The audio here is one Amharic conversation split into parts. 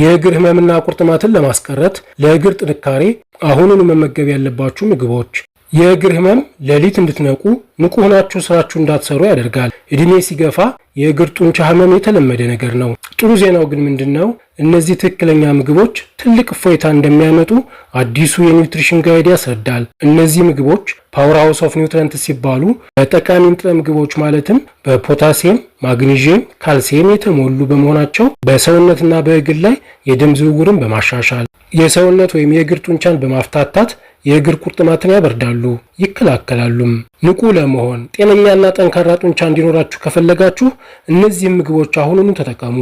የእግር ህመምና ቁርጥማትን ለማስቀረት ለእግር ጥንካሬ አሁኑን መመገብ ያለባችሁ ምግቦች የእግር ህመም ሌሊት እንድትነቁ ንቁ ሆናችሁ ስራችሁ እንዳትሰሩ ያደርጋል። እድሜ ሲገፋ የእግር ጡንቻ ህመም የተለመደ ነገር ነው። ጥሩ ዜናው ግን ምንድን ነው? እነዚህ ትክክለኛ ምግቦች ትልቅ እፎይታ እንደሚያመጡ አዲሱ የኒውትሪሽን ጋይድ ያስረዳል። እነዚህ ምግቦች ፓወር ሃውስ ኦፍ ኒውትረንት ሲባሉ በጠቃሚ ንጥረ ምግቦች ማለትም በፖታሲየም፣ ማግኒዥየም፣ ካልሲየም የተሞሉ በመሆናቸው በሰውነትና በእግር ላይ የደም ዝውውርን በማሻሻል የሰውነት ወይም የእግር ጡንቻን በማፍታታት የእግር ቁርጥማትን ያበርዳሉ፣ ይከላከላሉም። ንቁ ለመሆን ጤነኛና ጠንካራ ጡንቻ እንዲኖራችሁ ከፈለጋችሁ እነዚህም ምግቦች አሁኑኑ ተጠቀሙ።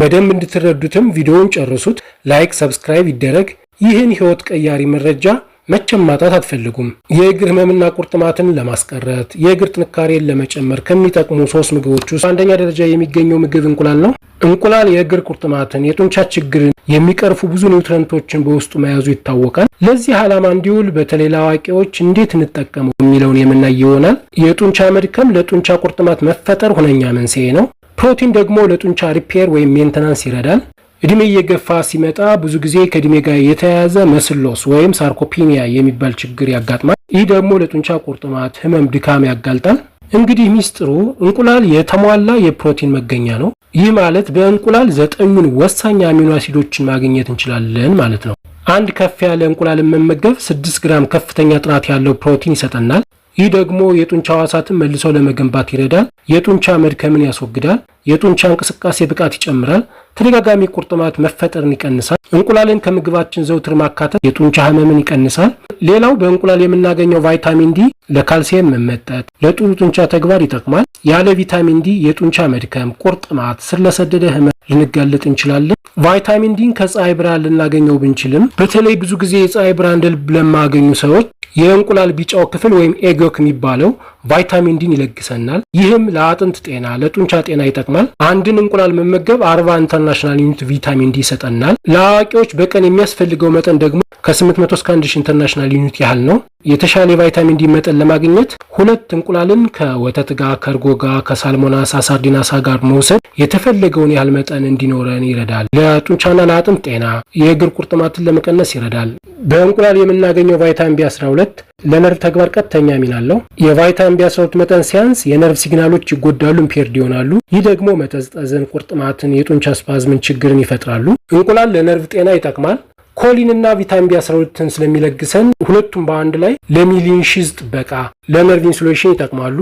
በደንብ እንድትረዱትም ቪዲዮውን ጨርሱት። ላይክ፣ ሰብስክራይብ ይደረግ። ይህን ህይወት ቀያሪ መረጃ መቼም ማጣት አትፈልጉም። የእግር ህመምና ቁርጥማትን ለማስቀረት የእግር ጥንካሬን ለመጨመር ከሚጠቅሙ ሶስት ምግቦች ውስጥ አንደኛ ደረጃ የሚገኘው ምግብ እንቁላል ነው። እንቁላል የእግር ቁርጥማትን፣ የጡንቻ ችግርን የሚቀርፉ ብዙ ኒውትረንቶችን በውስጡ መያዙ ይታወቃል። ለዚህ ዓላማ እንዲውል በተለይ ለአዋቂዎች እንዴት እንጠቀመው የሚለውን የምናይ ይሆናል። የጡንቻ መድከም ለጡንቻ ቁርጥማት መፈጠር ሁነኛ መንስኤ ነው። ፕሮቲን ደግሞ ለጡንቻ ሪፔር ወይም ሜንተናንስ ይረዳል። እድሜ እየገፋ ሲመጣ ብዙ ጊዜ ከእድሜ ጋር የተያያዘ መስሎስ ወይም ሳርኮፒኒያ የሚባል ችግር ያጋጥማል። ይህ ደግሞ ለጡንቻ ቁርጥማት ህመም፣ ድካም ያጋልጣል። እንግዲህ ሚስጥሩ እንቁላል የተሟላ የፕሮቲን መገኛ ነው። ይህ ማለት በእንቁላል ዘጠኙን ወሳኝ አሚኖ አሲዶችን ማግኘት እንችላለን ማለት ነው። አንድ ከፍ ያለ እንቁላልን መመገብ 6 ግራም ከፍተኛ ጥራት ያለው ፕሮቲን ይሰጠናል። ይህ ደግሞ የጡንቻ ሕዋሳትን መልሶ ለመገንባት ይረዳል፣ የጡንቻ መድከምን ያስወግዳል፣ የጡንቻ እንቅስቃሴ ብቃት ይጨምራል፣ ተደጋጋሚ ቁርጥማት መፈጠርን ይቀንሳል። እንቁላልን ከምግባችን ዘውትር ማካተት የጡንቻ ህመምን ይቀንሳል። ሌላው በእንቁላል የምናገኘው ቫይታሚን ዲ ለካልሲየም መመጠጥ፣ ለጥሩ ጡንቻ ተግባር ይጠቅማል። ያለ ቪታሚን ዲ የጡንቻ መድከም፣ ቁርጥማት፣ ስር ለሰደደ ህመም ልንጋለጥ እንችላለን። ቫይታሚን ዲን ከፀሐይ ብርሃን ልናገኘው ብንችልም በተለይ ብዙ ጊዜ የፀሐይ ብርሃን ልብ ለማገኙ ሰዎች የእንቁላል ቢጫው ክፍል ወይም ኤጎክ የሚባለው ቫይታሚን ዲን ይለግሰናል። ይህም ለአጥንት ጤና፣ ለጡንቻ ጤና ይጠቅማል። አንድን እንቁላል መመገብ አርባ ኢንተርናሽናል ዩኒት ቪታሚን ዲ ይሰጠናል። ለአዋቂዎች በቀን የሚያስፈልገው መጠን ደግሞ ከ800 እስከ 1000 ኢንተርናሽናል ዩኒት ያህል ነው። የተሻለ የቫይታሚን ዲ መጠን ለማግኘት ሁለት እንቁላልን ከወተት ጋር፣ ከእርጎ ጋር፣ ከሳልሞና ሳ፣ ጋር መውሰድ የተፈለገውን ያህል መጠን እንዲኖረን ይረዳል። ለጡንቻና ለአጥንት ጤና የእግር ቁርጥማትን ለመቀነስ ይረዳል። በእንቁላል የምናገኘው ቫይታሚን ቢ12 ለነርቭ ተግባር ቀጥተኛ ሚና አለው። የቫይታሚን ቢ12 መጠን ሲያንስ የነርቭ ሲግናሎች ይጎዳሉ፣ ኢምፔርድ ይሆናሉ። ይህ ደግሞ መጠዝጠዝን፣ ቁርጥማትን፣ የጡንቻ ስፓዝምን ችግርን ይፈጥራሉ። እንቁላል ለነርቭ ጤና ይጠቅማል። ኮሊን እና ቪታሚን ቢ12ን ስለሚለግሰን ሁለቱም በአንድ ላይ ለሚሊንሺዝ ጥበቃ ለነርቭ ኢንሱሌሽን ይጠቅማሉ።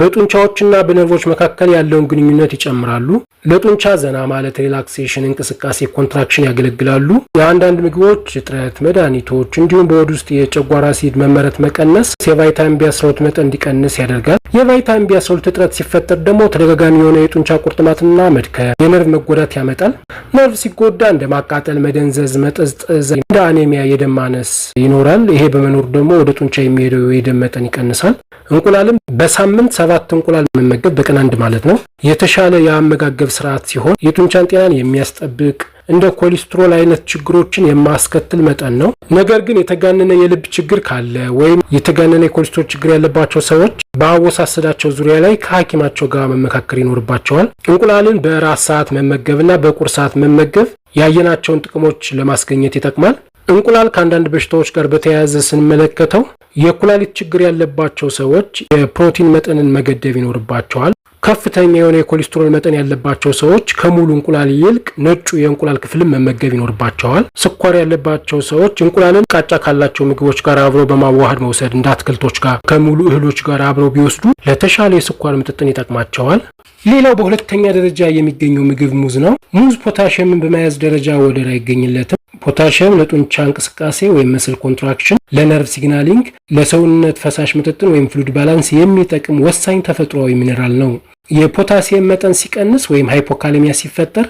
በጡንቻዎችና በነርቮች መካከል ያለውን ግንኙነት ይጨምራሉ። ለጡንቻ ዘና ማለት ሪላክሴሽን፣ እንቅስቃሴ፣ ኮንትራክሽን ያገለግላሉ። የአንዳንድ ምግቦች እጥረት፣ መድኃኒቶች እንዲሁም በወድ ውስጥ የጨጓራ አሲድ መመረት መቀነስ የቫይታሚን ቢያስረውት መጠን እንዲቀንስ ያደርጋል። የቫይታሚን ቢያስረውት እጥረት ሲፈጠር ደግሞ ተደጋጋሚ የሆነ የጡንቻ ቁርጥማትና መድከም፣ የነርቭ መጎዳት ያመጣል። ነርቭ ሲጎዳ እንደ ማቃጠል፣ መደንዘዝ፣ መጠዝጠዝ፣ እንደ አኔሚያ የደም ማነስ ይኖራል። ይሄ በመኖሩ ደግሞ ወደ ጡንቻ የሚሄደው የደም መጠን ይቀንሳል። እንቁላልም በሳምንት ሰባት እንቁላል መመገብ በቀን አንድ ማለት ነው የተሻለ የአመጋገብ ስርዓት ሲሆን የጡንቻን ጤናን የሚያስጠብቅ እንደ ኮሌስትሮል አይነት ችግሮችን የማስከትል መጠን ነው። ነገር ግን የተጋነነ የልብ ችግር ካለ ወይም የተጋነነ የኮሌስትሮል ችግር ያለባቸው ሰዎች በአወሳሰዳቸው ዙሪያ ላይ ከሐኪማቸው ጋር መመካከር ይኖርባቸዋል። እንቁላልን በራት ሰዓት መመገብና በቁርስ ሰዓት መመገብ ያየናቸውን ጥቅሞች ለማስገኘት ይጠቅማል። እንቁላል ከአንዳንድ በሽታዎች ጋር በተያያዘ ስንመለከተው የኩላሊት ችግር ያለባቸው ሰዎች የፕሮቲን መጠንን መገደብ ይኖርባቸዋል። ከፍተኛ የሆነ የኮሌስትሮል መጠን ያለባቸው ሰዎች ከሙሉ እንቁላል ይልቅ ነጩ የእንቁላል ክፍልን መመገብ ይኖርባቸዋል። ስኳር ያለባቸው ሰዎች እንቁላልን ቃጫ ካላቸው ምግቦች ጋር አብረው በማዋሃድ መውሰድ እንደ አትክልቶች ጋር ከሙሉ እህሎች ጋር አብረው ቢወስዱ ለተሻለ የስኳር ምጥጥን ይጠቅማቸዋል። ሌላው በሁለተኛ ደረጃ የሚገኘው ምግብ ሙዝ ነው። ሙዝ ፖታሽየምን በመያዝ ደረጃ ወደር አይገኝለትም። ፖታሽየም ለጡንቻ እንቅስቃሴ ወይም መስል ኮንትራክሽን፣ ለነርቭ ሲግናሊንግ፣ ለሰውነት ፈሳሽ ምጥጥን ወይም ፍሉድ ባላንስ የሚጠቅም ወሳኝ ተፈጥሯዊ ሚኔራል ነው። የፖታሲየም መጠን ሲቀንስ ወይም ሃይፖካሌሚያ ሲፈጠር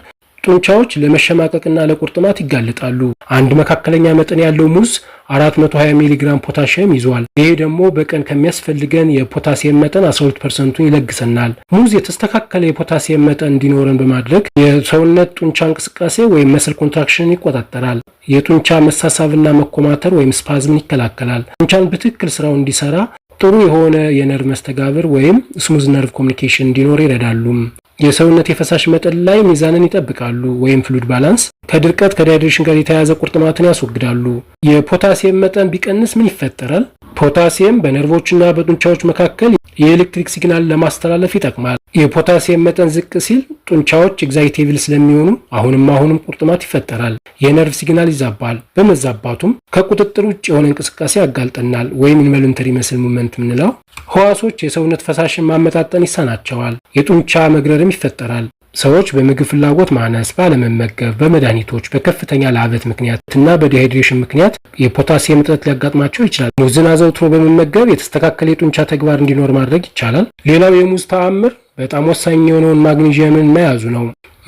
ጡንቻዎች ለመሸማቀቅና ለቁርጥማት ይጋለጣሉ። አንድ መካከለኛ መጠን ያለው ሙዝ 420 ሚሊግራም ፖታሽየም ይዟል። ይሄ ደግሞ በቀን ከሚያስፈልገን የፖታሲየም መጠን 12 ፐርሰንቱን ይለግሰናል። ሙዝ የተስተካከለ የፖታሲየም መጠን እንዲኖረን በማድረግ የሰውነት ጡንቻ እንቅስቃሴ ወይም መስል ኮንትራክሽን ይቆጣጠራል። የጡንቻ መሳሳብና መኮማተር ወይም ስፓዝምን ይከላከላል። ጡንቻን በትክክል ስራው እንዲሰራ ጥሩ የሆነ የነርቭ መስተጋብር ወይም ስሙዝ ነርቭ ኮሚኒኬሽን እንዲኖር ይረዳሉ። የሰውነት የፈሳሽ መጠን ላይ ሚዛንን ይጠብቃሉ ወይም ፍሉድ ባላንስ። ከድርቀት ከዳይድሬሽን ጋር የተያያዘ ቁርጥማትን ያስወግዳሉ። የፖታሲየም መጠን ቢቀንስ ምን ይፈጠራል? ፖታሲየም በነርቮችና በጡንቻዎች መካከል የኤሌክትሪክ ሲግናል ለማስተላለፍ ይጠቅማል። የፖታሲየም መጠን ዝቅ ሲል ጡንቻዎች ኤግዛይቴቪል ስለሚሆኑ አሁንም አሁንም ቁርጥማት ይፈጠራል። የነርቭ ሲግናል ይዛባል። በመዛባቱም ከቁጥጥር ውጭ የሆነ እንቅስቃሴ ያጋልጠናል ወይም ኢንቮሉንተሪ መስል ሙመንት የምንለው። ህዋሶች የሰውነት ፈሳሽን ማመጣጠን ይሳናቸዋል። የጡንቻ መግረርም ይፈጠራል። ሰዎች በምግብ ፍላጎት ማነስ፣ ባለመመገብ፣ በመድኃኒቶች፣ በከፍተኛ ለአበት ምክንያት እና በዲሃይድሬሽን ምክንያት የፖታሲየም እጥረት ሊያጋጥማቸው ይችላል። ሙዝን አዘውትሮ በመመገብ የተስተካከለ የጡንቻ ተግባር እንዲኖር ማድረግ ይቻላል። ሌላው የሙዝ ተአምር በጣም ወሳኝ የሆነውን ማግኒዥየምን መያዙ ነው።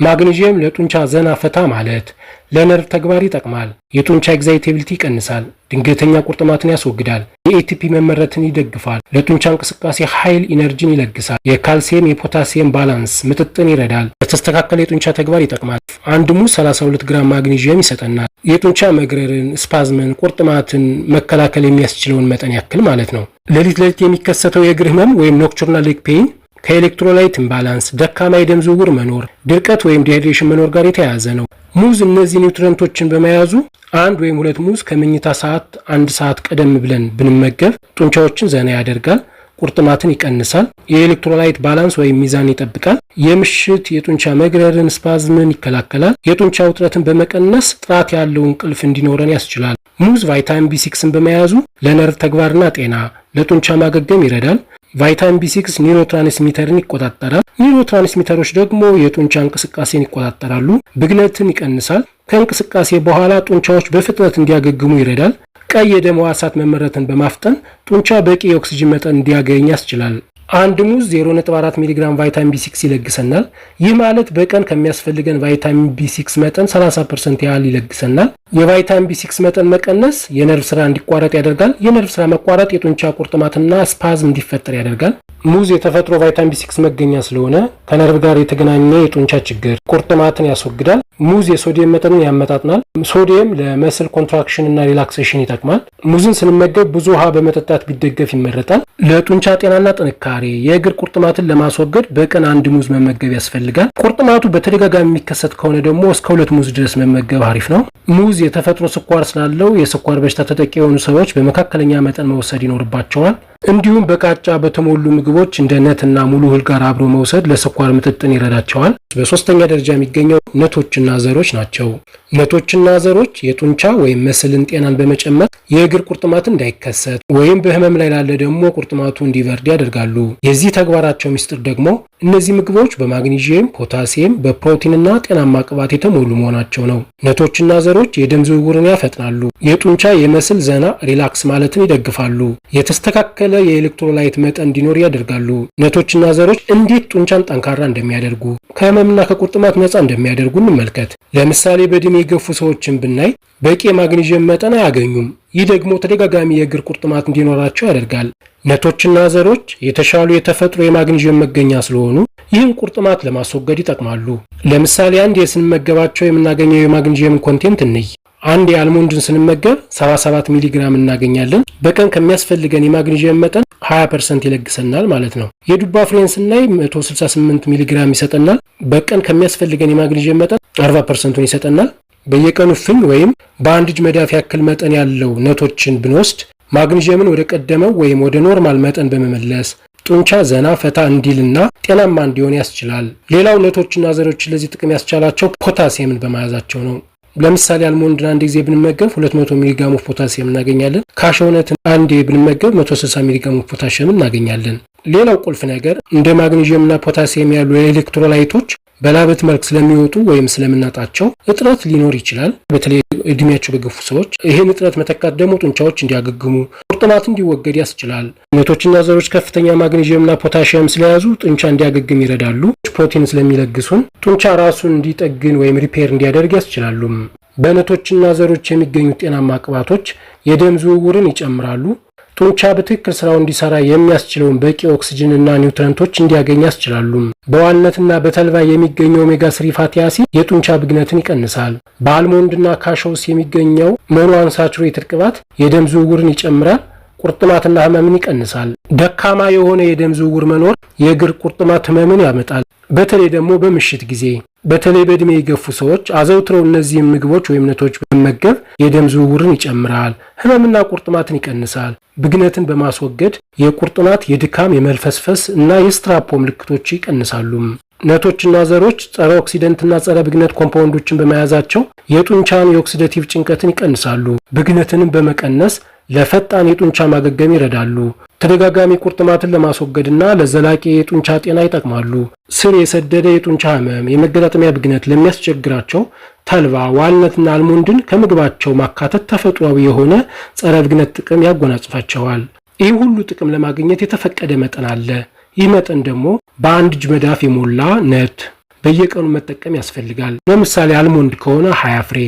ማግኒዥየም ለጡንቻ ዘና ፈታ ማለት፣ ለነርቭ ተግባር ይጠቅማል። የጡንቻ ኤግዛይቴብሊቲ ይቀንሳል። ድንገተኛ ቁርጥማትን ያስወግዳል፣ የኤቲፒ መመረትን ይደግፋል፣ ለጡንቻ እንቅስቃሴ ኃይል ኢነርጂን ይለግሳል፣ የካልሲየም የፖታሲየም ባላንስ ምጥጥን ይረዳል፣ ለተስተካከለ የጡንቻ ተግባር ይጠቅማል። አንድ ሙዝ 32 ግራም ማግኒዥየም ይሰጠናል፣ የጡንቻ መግረርን፣ ስፓዝምን፣ ቁርጥማትን መከላከል የሚያስችለውን መጠን ያክል ማለት ነው። ሌሊት ሌሊት የሚከሰተው የእግር ህመም ወይም ኖክቹርናል ሌግ ፔይን ከኤሌክትሮላይት ኢምባላንስ፣ ደካማ የደም ዝውውር መኖር፣ ድርቀት ወይም ዲሃይድሬሽን መኖር ጋር የተያያዘ ነው። ሙዝ እነዚህ ኒውትረንቶችን በመያዙ አንድ ወይም ሁለት ሙዝ ከመኝታ ሰዓት አንድ ሰዓት ቀደም ብለን ብንመገብ ጡንቻዎችን ዘና ያደርጋል፣ ቁርጥማትን ይቀንሳል፣ የኤሌክትሮላይት ባላንስ ወይም ሚዛን ይጠብቃል፣ የምሽት የጡንቻ መግረርን ስፓዝምን ይከላከላል፣ የጡንቻ ውጥረትን በመቀነስ ጥራት ያለው እንቅልፍ እንዲኖረን ያስችላል። ሙዝ ቫይታሚን ቢ6ን በመያዙ ለነርቭ ተግባርና ጤና፣ ለጡንቻ ማገገም ይረዳል። ቫይታሚን ቢ6 ኒውሮ ትራንስሚተርን ይቆጣጠራል። ኒውሮ ትራንስሚተሮች ደግሞ የጡንቻ እንቅስቃሴን ይቆጣጠራሉ፣ ብግነትን ይቀንሳል። ከእንቅስቃሴ በኋላ ጡንቻዎች በፍጥነት እንዲያገግሙ ይረዳል። ቀይ የደም ሕዋሳት መመረትን በማፍጠን ጡንቻ በቂ የኦክሲጅን መጠን እንዲያገኝ ያስችላል። አንድ ሙዝ 0.4 ሚሊግራም ቫይታሚን ቢ6 ይለግሰናል። ይህ ማለት በቀን ከሚያስፈልገን ቫይታሚን ቢ6 መጠን 30% ያህል ይለግሰናል። የቫይታሚን ቢ6 መጠን መቀነስ የነርቭ ስራ እንዲቋረጥ ያደርጋል። የነርቭ ስራ መቋረጥ የጡንቻ ቁርጥማትና ስፓዝም እንዲፈጠር ያደርጋል። ሙዝ የተፈጥሮ ቫይታሚን ቢ መገኛ ስለሆነ ከነርቭ ጋር የተገናኘ የጡንቻ ችግር ቁርጥማትን ያስወግዳል። ሙዝ የሶዲየም መጠንን ያመጣጥናል። ሶዲየም ለመስል ኮንትራክሽን እና ሪላክሴሽን ይጠቅማል። ሙዝን ስንመገብ ብዙ ውሃ በመጠጣት ቢደገፍ ይመረጣል። ለጡንቻ ጤናና ጥንካሬ፣ የእግር ቁርጥማትን ለማስወገድ በቀን አንድ ሙዝ መመገብ ያስፈልጋል። ቁርጥማቱ በተደጋጋሚ የሚከሰት ከሆነ ደግሞ እስከ ሁለት ሙዝ ድረስ መመገብ አሪፍ ነው። ሙዝ የተፈጥሮ ስኳር ስላለው የስኳር በሽታ ተጠቂ የሆኑ ሰዎች በመካከለኛ መጠን መውሰድ ይኖርባቸዋል። እንዲሁም በቃጫ በተሞሉ ምግቦች እንደ ነትና ሙሉ እህል ጋር አብሮ መውሰድ ለስኳር ምጥጥን ይረዳቸዋል። በሶስተኛ ደረጃ የሚገኘው ነቶችና ዘሮች ናቸው። ነቶችና ዘሮች የጡንቻ ወይም መስልን ጤናን በመጨመር የእግር ቁርጥማት እንዳይከሰት ወይም በህመም ላይ ላለ ደግሞ ቁርጥማቱ እንዲበርድ ያደርጋሉ። የዚህ ተግባራቸው ምስጢር ደግሞ እነዚህ ምግቦች በማግኒዥየም፣ ፖታሲየም፣ በፕሮቲንና ጤናማ ቅባት የተሞሉ መሆናቸው ነው። ነቶችና ዘሮች የደም ዝውውርን ያፈጥናሉ። የጡንቻ የመስል ዘና ሪላክስ ማለትን ይደግፋሉ። የተስተካከለ የኤሌክትሮላይት መጠን እንዲኖር ያደርጋሉ። ነቶችና ዘሮች እንዴት ጡንቻን ጠንካራ እንደሚያደርጉ ከህመምና ከቁርጥማት ነፃ እንደሚያደርጉ እንመልከት። ለምሳሌ በድሜ የገፉ ሰዎችን ብናይ በቂ የማግኒዥየም መጠን አያገኙም። ይህ ደግሞ ተደጋጋሚ የእግር ቁርጥማት እንዲኖራቸው ያደርጋል። ነቶችና ዘሮች የተሻሉ የተፈጥሮ የማግኒዥየም መገኛ ስለሆኑ ይህን ቁርጥማት ለማስወገድ ይጠቅማሉ። ለምሳሌ አንድ የስንመገባቸው የምናገኘው የማግኒዥየም ኮንቴንት እንይ። አንድ የአልሞንድን ስንመገብ 77 ሚሊግራም እናገኛለን። በቀን ከሚያስፈልገን የማግኒዥየም መጠን 20 ፐርሰንት ይለግሰናል ማለት ነው። የዱባ ፍሬን ስናይ 168 ሚሊግራም ይሰጠናል። በቀን ከሚያስፈልገን የማግኒዥየም መጠን 40 ፐርሰንቱን ይሰጠናል። በየቀኑ ፍኝ ወይም በአንድ እጅ መዳፍ ያክል መጠን ያለው ነቶችን ብንወስድ ማግኒዥየምን ወደ ቀደመው ወይም ወደ ኖርማል መጠን በመመለስ ጡንቻ ዘና ፈታ እንዲልና ጤናማ እንዲሆን ያስችላል። ሌላው ነቶችና ዘሮችን ለዚህ ጥቅም ያስቻላቸው ፖታሲየምን በመያዛቸው ነው። ለምሳሌ አልሞንድን አንድ ጊዜ ብንመገብ 200 ሚሊግራም ኦፍ ፖታሲየም እናገኛለን። ካሸውነትን አንዴ ብንመገብ 160 ሚሊግራም ኦፍ ፖታሲየም እናገኛለን። ሌላው ቁልፍ ነገር እንደ ማግኔዥየም እና ፖታሲየም ያሉ የኤሌክትሮላይቶች በላበት መልክ ስለሚወጡ ወይም ስለምናጣቸው እጥረት ሊኖር ይችላል። በተለይ እድሜያቸው በገፉ ሰዎች ይህን እጥረት መተካት ደግሞ ጡንቻዎች እንዲያገግሙ፣ ቁርጥማት እንዲወገድ ያስችላል። ነቶችና ዘሮች ከፍተኛ ማግኔዥየምና ፖታሽየም ስለያዙ ጡንቻ እንዲያገግም ይረዳሉ። ፕሮቲን ስለሚለግሱን ጡንቻ ራሱን እንዲጠግን ወይም ሪፔር እንዲያደርግ ያስችላሉም። በእነቶችና ዘሮች የሚገኙ ጤናማ ቅባቶች የደም ዝውውርን ይጨምራሉ። ጡንቻ በትክክል ስራው እንዲሰራ የሚያስችለውን በቂ ኦክስጅንና ኒውትረንቶች እንዲያገኝ ያስችላሉ። በዋነትና በተልባ የሚገኘው ኦሜጋ ስሪ ፋቲ አሲድ የጡንቻ ብግነትን ይቀንሳል። በአልሞንድና ካሾውስ የሚገኘው ሞኖ አንሳቹሬትድ ቅባት የደም ዝውውርን ይጨምራል። ቁርጥማትና ህመምን ይቀንሳል። ደካማ የሆነ የደም ዝውውር መኖር የእግር ቁርጥማት ህመምን ያመጣል፣ በተለይ ደግሞ በምሽት ጊዜ። በተለይ በእድሜ የገፉ ሰዎች አዘውትረው እነዚህ ምግቦች ወይም ነቶች በመመገብ የደም ዝውውርን ይጨምራል፣ ህመምና ቁርጥማትን ይቀንሳል። ብግነትን በማስወገድ የቁርጥማት፣ የድካም፣ የመልፈስፈስ እና የስትራፖ ምልክቶች ይቀንሳሉም። ነቶችና ዘሮች ጸረ ኦክሲደንትና ጸረ ብግነት ኮምፓውንዶችን በመያዛቸው የጡንቻን የኦክሲደቲቭ ጭንቀትን ይቀንሳሉ። ብግነትንም በመቀነስ ለፈጣን የጡንቻ ማገገም ይረዳሉ። ተደጋጋሚ ቁርጥማትን ለማስወገድና ለዘላቂ የጡንቻ ጤና ይጠቅማሉ። ስር የሰደደ የጡንቻ ህመም፣ የመገጣጠሚያ ብግነት ለሚያስቸግራቸው ተልባ፣ ዋልነትና አልሞንድን ከምግባቸው ማካተት ተፈጥሯዊ የሆነ ጸረ ብግነት ጥቅም ያጎናጽፋቸዋል። ይህ ሁሉ ጥቅም ለማግኘት የተፈቀደ መጠን አለ። ይህ መጠን ደግሞ በአንድ እጅ መዳፍ የሞላ ነት በየቀኑ መጠቀም ያስፈልጋል። ለምሳሌ አልሞንድ ከሆነ 20 ፍሬ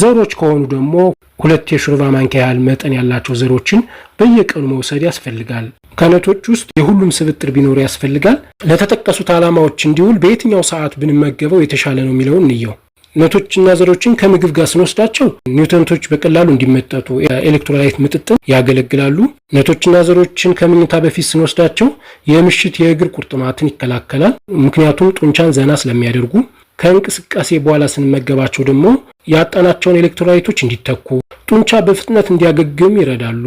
ዘሮች ከሆኑ ደግሞ ሁለት የሹርባ ማንኪያ ያህል መጠን ያላቸው ዘሮችን በየቀኑ መውሰድ ያስፈልጋል። ከነቶች ውስጥ የሁሉም ስብጥር ቢኖር ያስፈልጋል። ለተጠቀሱት ዓላማዎች እንዲውል በየትኛው ሰዓት ብንመገበው የተሻለ ነው የሚለውን እንየው። ነቶችና ዘሮችን ከምግብ ጋር ስንወስዳቸው ኒውተንቶች በቀላሉ እንዲመጠጡ ኤሌክትሮላይት ምጥጥን ያገለግላሉ። ነቶችና ዘሮችን ከምኝታ በፊት ስንወስዳቸው የምሽት የእግር ቁርጥማትን ይከላከላል። ምክንያቱም ጡንቻን ዘና ስለሚያደርጉ ከእንቅስቃሴ በኋላ ስንመገባቸው ደግሞ ያጣናቸውን ኤሌክትሮላይቶች እንዲተኩ፣ ጡንቻ በፍጥነት እንዲያገግም ይረዳሉ።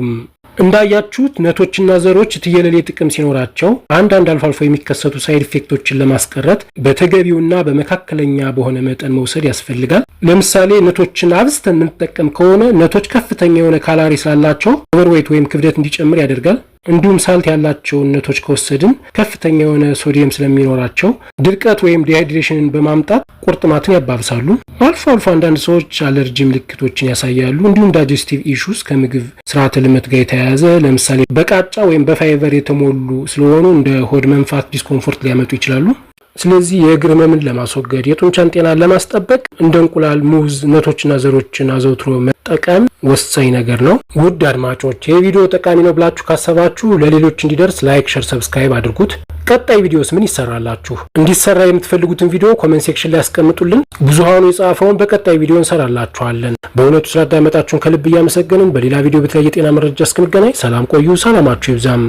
እንዳያችሁት ነቶችና ዘሮች ትየለሌ ጥቅም ሲኖራቸው አንዳንድ አልፎ አልፎ የሚከሰቱ ሳይድ ኢፌክቶችን ለማስቀረት በተገቢውና በመካከለኛ በሆነ መጠን መውሰድ ያስፈልጋል። ለምሳሌ ነቶችን አብዝተን የምንጠቀም ከሆነ ነቶች ከፍተኛ የሆነ ካላሪ ስላላቸው ኦቨርዌይት ወይም ክብደት እንዲጨምር ያደርጋል። እንዲሁም ሳልት ያላቸው እነቶች ከወሰድን ከፍተኛ የሆነ ሶዲየም ስለሚኖራቸው ድርቀት ወይም ዲሃይድሬሽንን በማምጣት ቁርጥማትን ያባብሳሉ። አልፎ አልፎ አንዳንድ ሰዎች አለርጂ ምልክቶችን ያሳያሉ። እንዲሁም ዳይጀስቲቭ ኢሹስ ከምግብ ስርዓተ ልመት ጋር የተያያዘ ለምሳሌ በቃጫ ወይም በፋይቨር የተሞሉ ስለሆኑ እንደ ሆድ መንፋት ዲስኮምፎርት ሊያመጡ ይችላሉ። ስለዚህ የእግር ህመምን ለማስወገድ የጡንቻን ጤና ለማስጠበቅ እንደ እንቁላል፣ ሙዝ፣ ነቶችና ዘሮችን አዘውትሮ መጠቀም ወሳኝ ነገር ነው። ውድ አድማጮች ይህ ቪዲዮ ጠቃሚ ነው ብላችሁ ካሰባችሁ ለሌሎች እንዲደርስ ላይክ፣ ሸር፣ ሰብስክራይብ አድርጉት። ቀጣይ ቪዲዮስ ምን ይሰራላችሁ? እንዲሰራ የምትፈልጉትን ቪዲዮ ኮመንት ሴክሽን ላይ ያስቀምጡልን። ብዙሀኑ የጻፈውን በቀጣይ ቪዲዮ እንሰራላችኋለን። በእውነቱ ስላዳመጣችሁን ከልብ እያመሰገንን በሌላ ቪዲዮ በተለያየ ጤና መረጃ እስክንገናኝ ሰላም ቆዩ። ሰላማችሁ ይብዛም።